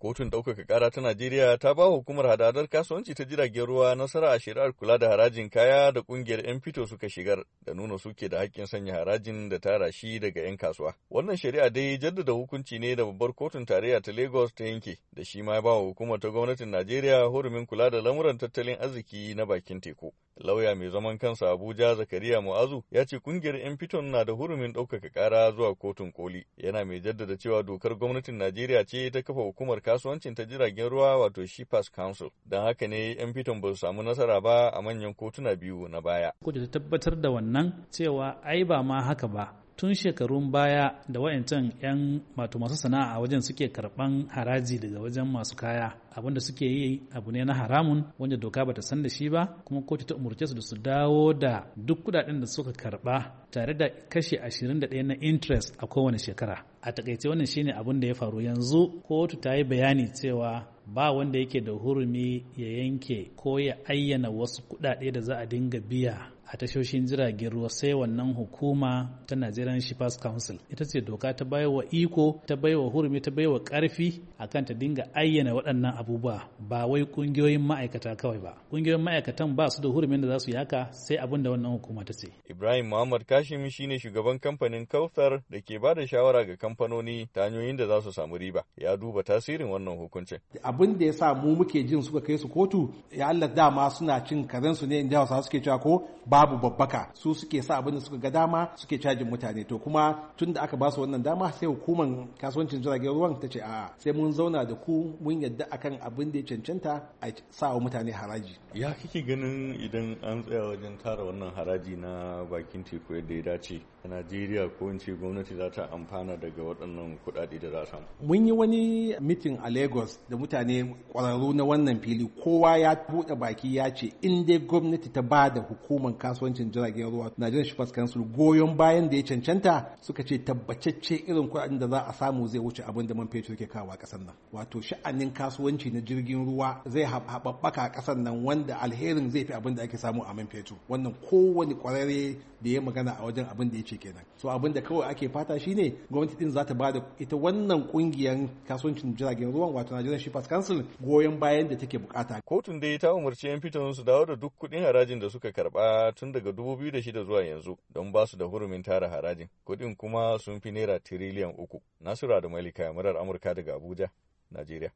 Kotun ɗaukaka ƙara ta Najeriya ta ba hukumar hadadar kasuwanci ta jiragen ruwa nasara a shari'ar kula da harajin kaya da ƙungiyar 'yan fito suka shigar da nuna suke da haƙƙin sanya harajin da tara shi daga 'yan kasuwa. Wannan shari'a dai jaddada hukunci ne da babbar kotun tarayya ta Lagos ta yanke da shi ma ya ba hukumar ta gwamnatin Najeriya hurumin kula da lamuran tattalin arziki na bakin teku. Lauya mai zaman kansa Abuja Zakariya Mu'azu ya ce kungiyar 'yan fiton na da hurumin ɗaukaka ƙara zuwa kotun koli. Yana mai jaddada cewa dokar gwamnatin Najeriya ce ta kafa hukumar kasuwancin ta jiragen ruwa wato shipas Council. Don haka ne 'yan fiton ba su samu nasara ba a manyan kotuna biyu na baya. Kotu ta tabbatar da wannan cewa ai ba ma haka ba tun shekarun baya da wayancan 'yan mato masu sana'a a wajen suke karban haraji daga wajen masu kaya abin suke yi abu ne na haramun wanda doka bata san da shi ba kuma kotu ta umurce su da su dawo da duk kudaden da suka karba tare da kashe 21 na interest a kowane shekara a takaice wannan shine abin da ya faru yanzu kotu ta yi bayani cewa ba wanda yake da hurumi ya yanke ko ya ayyana wasu kudade da za a dinga biya a tashoshin jiragen ruwa sai wannan hukuma ta Nigerian Shippers Council ita ce doka ta baiwa iko ta baiwa hurumi ta baiwa karfi akan ta dinga ayyana waɗannan abubuwa ba wai kungiyoyin ma'aikata kawai ba kungiyoyin ma'aikatan ba su da hurumin da za su yi sai abin da wannan hukuma ta ce Ibrahim Muhammad Kashimi shine shugaban kamfanin Kautar da ke ba da shawara ga kamfanoni ta hanyoyin da za su samu riba ya duba tasirin wannan hukuncin abin da ya sa mu muke jin suka kai su kotu ya Allah dama suna cin karensu ne inda su suke cewa ko ba babu babbaka su suke sa abin da suka ga dama suke cajin mutane to kuma tunda aka ba su wannan dama sai hukumar kasuwancin jiragen ruwan ta ce a sai mun zauna da ku mun yadda akan abin da ya cancanta a sa wa mutane haraji ya kike ganin idan an tsaya wajen tara wannan haraji na bakin teku yadda ya dace a najeriya ko in ce gwamnati za ta amfana daga waɗannan kuɗaɗe da za samu mun yi wani mitin a lagos da mutane ƙwararru na wannan fili kowa ya buɗe baki ya ce in dai gwamnati ta ba da hukumar kasuwancin jiragen ruwa Najeriya Shippers Council goyon bayan da ya cancanta suka ce tabbacacce irin kuɗaɗen da za a samu zai wuce abin da man fetur ke kawo a ƙasar nan wato sha'anin kasuwanci na jirgin ruwa zai haɓaɓɓaka a ƙasar nan wanda alherin zai fi abin da ake samu a man fetur wannan kowane ƙwararre da ya magana a wajen abin da ya ce kenan so abin da kawai ake fata shine gwamnati din za ta ba da ita wannan kungiyar kasuwancin jiragen ruwan wato Najeriya Shippers Council goyon bayan da take bukata kotun dai ta umarci yan fitan su dawo da duk kuɗin harajin da suka karba tun daga 2006 zuwa yanzu don ba su da hurumin tara harajin. Kuɗin kuma sun fi naira tiriliyan uku. Nasura da Malika murar Amurka daga Abuja, Najeriya.